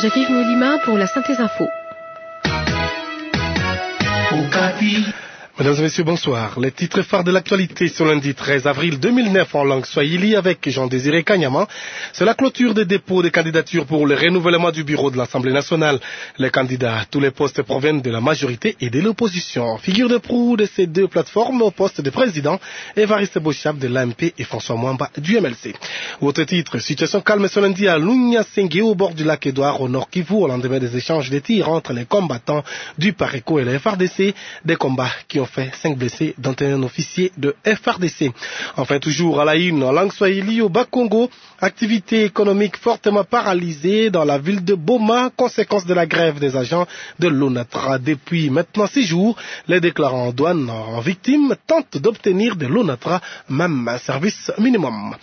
J'arrive Moulima pour la synthèse info. Mesdames et messieurs, bonsoir. Les titres phares de l'actualité sur lundi 13 avril 2009 en langue swahili avec Jean-Désiré Kanyama. C'est la clôture des dépôts de candidatures pour le renouvellement du bureau de l'Assemblée nationale. Les candidats à tous les postes proviennent de la majorité et de l'opposition. Figure de proue de ces deux plateformes au poste de président, Evariste Bochab de l'AMP et François Mwamba du MLC. Autre titre, situation calme ce lundi à Lunya Sengue au bord du lac Édouard au nord Kivu au lendemain des échanges de tirs entre les combattants du Paréco et les FRDC, des combats qui ont Cinq 5 blessés, dont un officier de FRDC. Enfin, toujours à la une, en langue swahili au Bas-Congo, activité économique fortement paralysée dans la ville de Boma, conséquence de la grève des agents de l'ONATRA. Depuis maintenant 6 jours, les déclarants en douane en victime tentent d'obtenir de l'ONATRA même un service minimum.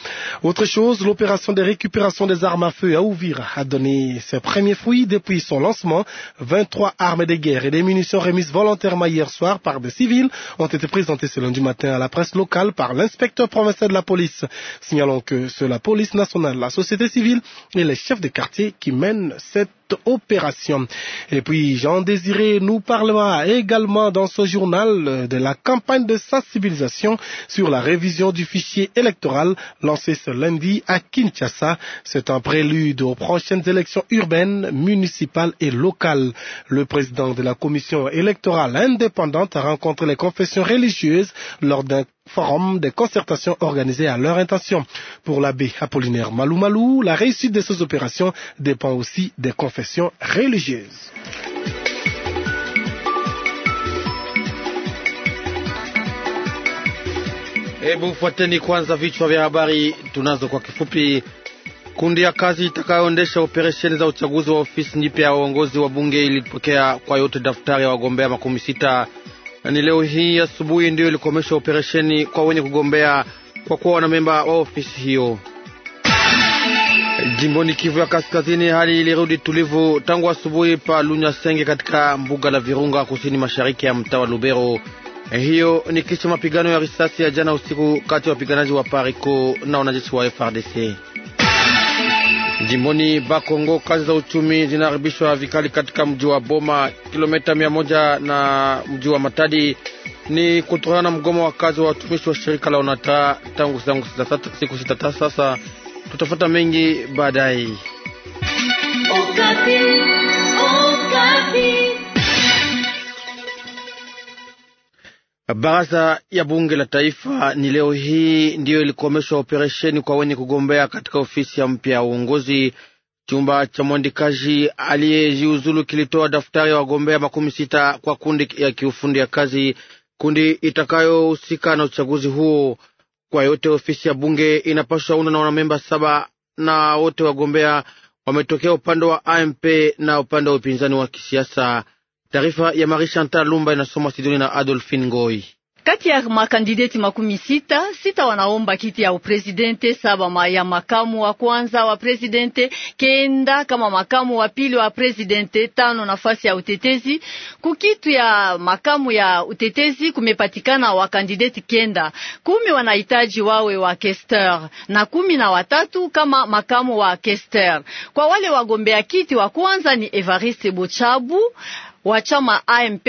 Autre chose, l'opération de récupération des armes à feu à Ouvir a donné ses premiers fruits depuis son lancement. 23 armes de guerre et des munitions remises volontairement hier soir par des civils ont été présentés ce lundi matin à la presse locale par l'inspecteur provincial de la police, signalant que c'est la police nationale, la société civile et les chefs de quartier qui mènent cette opération. Et puis Jean Désiré nous parlera également dans ce journal de la campagne de sensibilisation sur la révision du fichier électoral lancé ce lundi à Kinshasa. C'est un prélude aux prochaines élections urbaines, municipales et locales. Le président de la commission électorale indépendante a rencontré les confessions religieuses lors d'un forum des concertations organisées à leur intention. Pour l'abbé Apollinaire Maloumalou, la réussite de ces opérations dépend aussi des confessions religieuses. Hebu fuateni kwanza vichwa vya habari tunazo kwa kifupi. Kundi ya kazi itakayoendesha operesheni za uchaguzi wa ofisi nyipya ya uongozi wa bunge ilipokea kwa yote daftari ya wagombea makumi sita ni yaani leo hii asubuhi ndiyo ilikomesha operesheni kwa wenye kugombea kwa kuwa wanamemba wa ofisi hiyo. Jimboni Kivu ya Kaskazini, hali ilirudi tulivu tangu asubuhi pa Lunya Senge katika mbuga la Virunga, kusini mashariki ya mtaa wa Lubero. Eh, hiyo ni kisha mapigano ya risasi ya jana usiku kati ya wapiganaji wa Parico na wanajeshi wa FRDC. Jimboni Bakongo kazi za uchumi zinaharibishwa vikali katika mji wa Boma, kilomita mia moja na mji wa Matadi. Ni kutokana na mgomo wa kazi wa watumishi wa shirika la Onatra tangu siku sita sasa. Tutafuta mengi baadaye. Baraza ya bunge la taifa ni leo hii ndiyo ilikomeshwa operesheni kwa wenye kugombea katika ofisi ya mpya ya uongozi. Chumba cha mwandikaji aliyejiuzulu kilitoa daftari ya wagombea makumi sita kwa kundi ya kiufundi ya kazi, kundi itakayohusika na uchaguzi huo. Kwa yote ofisi ya bunge inapaswa unda na wanamemba saba, na wote wagombea wametokea upande wa AMP na upande wa upinzani wa kisiasa. Taarifa ya Marie Chantal Lumba inasoma Sidoni na Adolphine Ngoi. Kati ya makandideti makumi sita, sita wanaomba kiti ya upresidente, saba ya makamu wa kwanza wa presidente, kenda kama makamu wa pili wa presidente, tano nafasi ya utetezi. Kukitu ya makamu ya utetezi kumepatikana wa kandideti kenda, kumi wanahitaji wawe wa kester na kumi na watatu kama makamu wa kester. Kwa wale wagombea kiti wa kwanza ni Evariste Bochabu wa chama AMP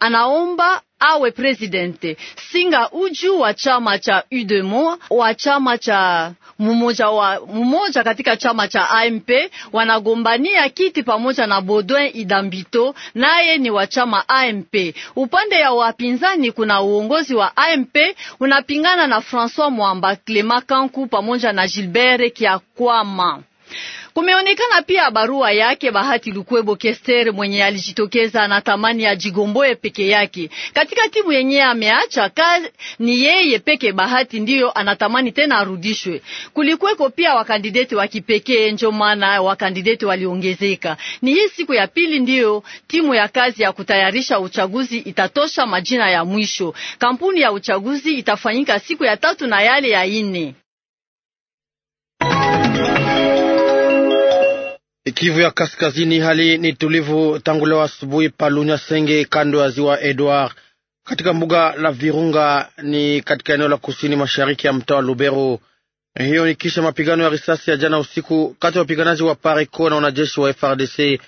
anaomba awe presidente. Singa Uju wa chama cha Udemo wa chama cha mumoja wa mumoja katika chama cha AMP wanagombania kiti pamoja na Baudouin Idambito, naye ni wa chama AMP. Upande ya wapinzani kuna uongozi wa AMP unapingana na François Mwamba, Clement Kanku pamoja na Gilbert Kiakwama. Kumeonekana pia barua yake Bahati Lukwebo Kester mwenye alijitokeza na tamani ajigomboe peke yake katika timu yenye ameacha kazi. Ni yeye peke Bahati ndiyo anatamani tena arudishwe. Kulikuweko pia wakandideti wa kipekee, njo maana wakandideti waliongezeka. Ni hii siku ya pili ndiyo timu ya kazi ya kutayarisha uchaguzi itatosha majina ya mwisho. Kampuni ya uchaguzi itafanyika siku ya tatu na yale ya ine. Kivu ya Kaskazini, hali ni tulivu tangu leo asubuhi palunya senge kando ya ziwa Edward katika mbuga la Virunga ni katika eneo la kusini mashariki ya mtaa wa Lubero. Hiyo ni kisha mapigano ya risasi ya jana usiku kati ya wapiganaji wa Pareco na wanajeshi wa FRDC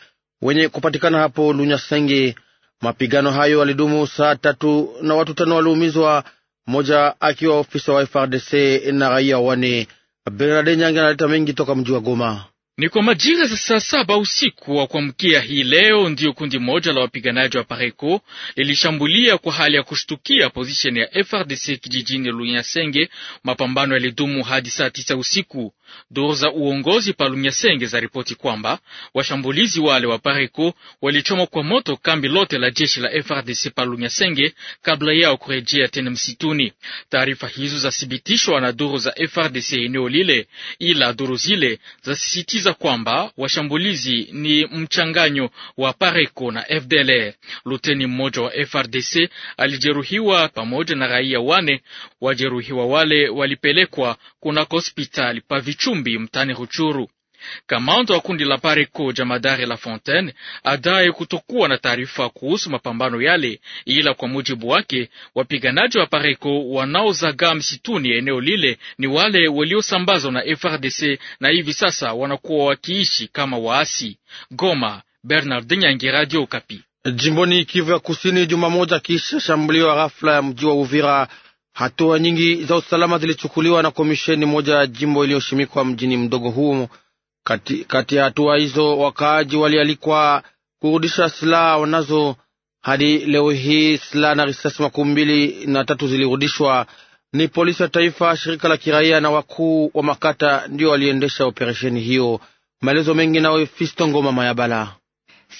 wenye kupatikana hapo Lunyasenge. Mapigano hayo yalidumu saa tatu na watu tano waliumizwa, mmoja akiwa ofisa wa FRDC na raia wane. Bernard Nyange analeta mengi toka mji wa Goma. Ni kwa majira za saa saba usiku wa kuamkia hii leo ndiyo kundi moja la wapiganaji wa Pareco lilishambulia kwa hali ya kushtukia pozisheni ya FRDC kijijini Lunyasenge. Mapambano yalidumu hadi saa tisa usiku. Duru za uongozi pa Lunyasenge za ripoti kwamba washambulizi wale wa Pareco walichoma kwa moto kambi lote la jeshi la FRDC pa Lunyasenge kabla yao kurejea tena msituni. Taarifa hizo zathibitishwa na duru za FRDC eneo lile, ila duru zile zasisitiza alisisitiza kwamba washambulizi ni mchanganyo wa Pareco na FDLR. Luteni mmoja wa FRDC alijeruhiwa pamoja na raia wane. Wajeruhiwa wale walipelekwa kunako hospitali pa Vichumbi mtani Ruchuru. Kamanda wa kundi la Pareco Jamadari La Fontaine adaye kutokuwa na taarifa kuhusu mapambano yale, ila kwa mujibu wake wapiganaji wa Pareco wanaozagaa msituni eneo lile ni wale waliosambazwa na FRDC na hivi sasa wanakuwa wakiishi kama waasi. Goma, Bernard Nyangi, Radio Okapi. Jimboni Kivu ya Kusini, juma moja kisha shambulio ya ghafla ya mji wa Uvira, hatua nyingi za usalama zilichukuliwa na komisheni moja ya jimbo iliyoshimikwa mjini mdogo huo kati, kati ya hatua hizo wakaaji walialikwa kurudisha silaha wanazo. Hadi leo hii silaha na risasi makumi mbili na tatu zilirudishwa. Ni polisi ya taifa, shirika la kiraia na wakuu wa makata ndio waliendesha operesheni hiyo. Maelezo mengi nawe Fisto Ngoma Mayabala.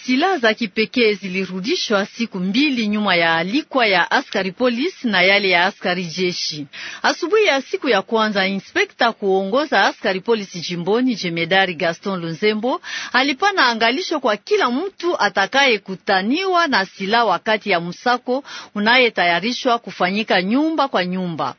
Silaha za kipekee zilirudishwa siku mbili nyuma ya alikwa ya askari polisi na yale ya askari jeshi. Asubuhi ya siku ya kwanza, inspekta kuongoza askari polisi jimboni jemedari Gaston Lunzembo alipana angalisho kwa kila mtu atakayekutaniwa na silaha wakati ya msako unayetayarishwa kufanyika nyumba kwa nyumba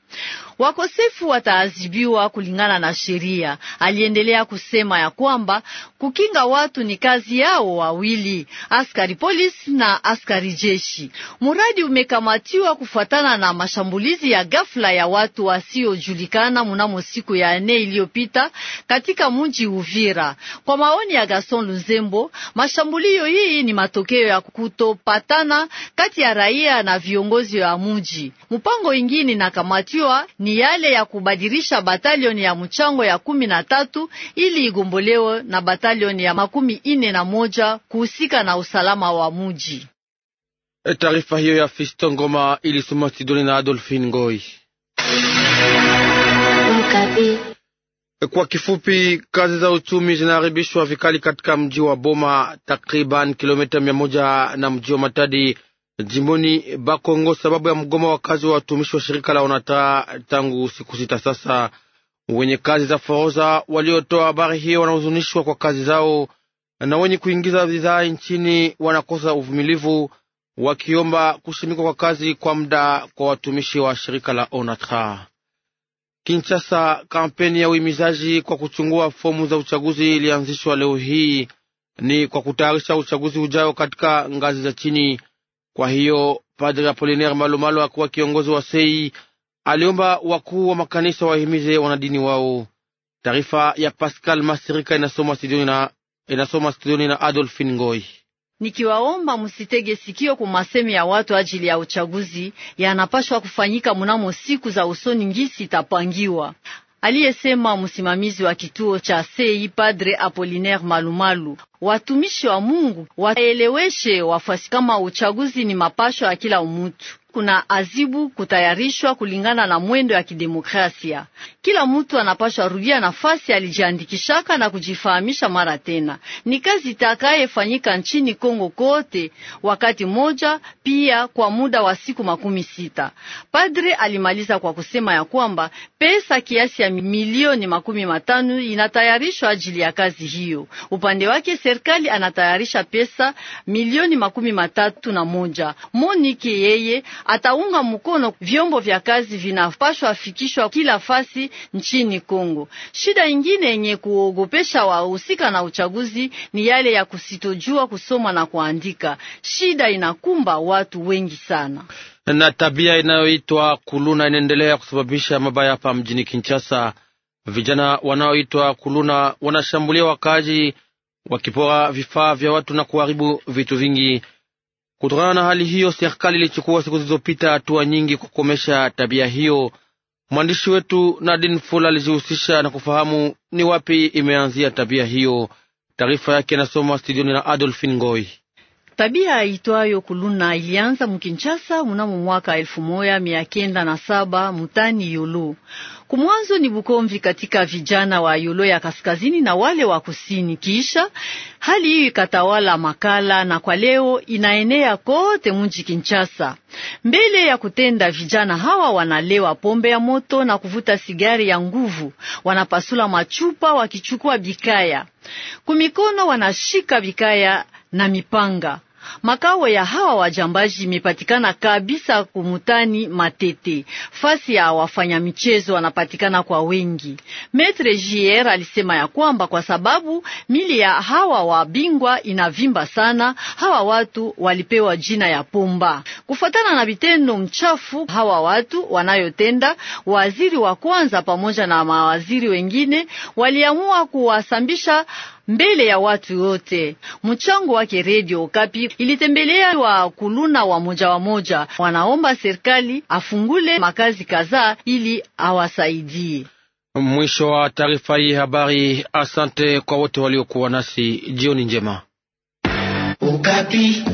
wakosefu wataadhibiwa kulingana na sheria. Aliendelea kusema ya kwamba kukinga watu ni kazi yao wawili, askari polisi na askari jeshi. Muradi umekamatiwa kufuatana na mashambulizi ya ghafla ya watu wasiojulikana mnamo siku ya nne iliyopita katika mji Uvira. Kwa maoni ya Gaston Luzembo, mashambulio hii ni matokeo ya kutopatana kati ya raia na viongozi wa mji. Mpango ingine inakamatiwa ni yale ya kubadilisha batalioni ya mchango ya kumi na tatu ili igombolewe na batalioni ya makumi ine na moja kuhusika na usalama wa muji. E, taarifa hiyo ya Fisto Ngoma ilisoma Sidoni na Adolfin Ngoi. E, kwa kifupi, kazi za uchumi zinaharibishwa vikali katika mji wa Boma, takriban kilomita mia moja na mji wa Matadi jimboni Bakongo sababu ya mgomo wa kazi wa watumishi wa shirika la Onatra tangu siku sita sasa. Wenye kazi za foroza waliotoa habari hiyo wanahuzunishwa kwa kazi zao, na wenye kuingiza bidhaa nchini wanakosa uvumilivu, wakiomba kushimikwa kwa kazi kwa muda kwa watumishi wa shirika la Onatra. Kinshasa, kampeni ya uhimizaji kwa kuchungua fomu za uchaguzi ilianzishwa leo hii, ni kwa kutayarisha uchaguzi ujao katika ngazi za chini. Kwa hiyo Padre Apolinaire Malomalo akuwa kiongozi wa sei aliomba wakuu wa makanisa wahimize wanadini wao. Taarifa ya Pascal Masirika inasoma studioni na, inasoma studioni na Adolfin Ngoi. Nikiwaomba msitege sikio kwa masemi ya watu ajili ya uchaguzi yanapashwa kufanyika mnamo siku za usoni ngisi itapangiwa aliyesema msimamizi wa kituo cha sei Padre Apolinaire Malumalu. Watumishi wa Mungu waeleweshe wafuasi kama uchaguzi ni mapasho ya kila umutu kuna azibu kutayarishwa kulingana na mwendo ya kidemokrasia. Kila mtu anapashwa rudia nafasi alijiandikishaka na kujifahamisha mara tena. Ni kazi itakayefanyika nchini Kongo kote wakati moja, pia kwa muda wa siku makumi sita. Padre alimaliza kwa kusema ya kwamba pesa kiasi ya milioni makumi matano inatayarishwa ajili ya kazi hiyo. Upande wake serikali anatayarisha pesa milioni makumi matatu na moja. Monike yeye ataunga mkono vyombo vya kazi vinapashwa afikishwa kila fasi nchini Kongo. Shida ingine yenye kuogopesha wahusika na uchaguzi ni yale ya kusitojua kusoma na kuandika. Shida inakumba watu wengi sana na tabia inayoitwa kuluna inaendelea kusababisha mabaya hapa mjini Kinshasa. Vijana wanaoitwa kuluna wanashambulia wakazi, wakipora vifaa vya watu na kuharibu vitu vingi. Kutokana na hali hiyo, serikali ilichukua siku zilizopita hatua nyingi kukomesha tabia hiyo. Mwandishi wetu nadin Fula alijihusisha na kufahamu ni wapi imeanzia tabia hiyo. Taarifa yake inasoma studioni na Adolfin Ngoi. Tabia itwayo kuluna ilianza mukinchasa mnamo mwaka elfu moya mia kenda na saba mutani Yolo. Kumwanzo ni bukomvi katika vijana wa Yolo ya kaskazini na wale wa kusini. Kisha hali hiyo ikatawala Makala na kwa leo inaenea kote mji kinchasa Mbele ya kutenda, vijana hawa wanalewa pombe ya moto na kuvuta sigari ya nguvu, wanapasula machupa wakichukua bikaya kumikono, wanashika bikaya na mipanga. Makao ya hawa wajambaji imepatikana kabisa kumutani Matete, fasi ya wafanya michezo wanapatikana kwa wengi. Metre Jier alisema ya kwamba kwa sababu mili ya hawa wabingwa inavimba sana, hawa watu walipewa jina ya pumba kufuatana na vitendo mchafu hawa watu wanayotenda. Waziri wa kwanza pamoja na mawaziri wengine waliamua kuwasambisha mbele ya watu wote. Mchango wake Radio Okapi ilitembelea wa kuluna wa moja wa moja, wanaomba serikali afungule makazi kadhaa ili awasaidie. Mwisho wa taarifa hii habari. Asante kwa wote waliokuwa nasi, jioni njema Ukapi.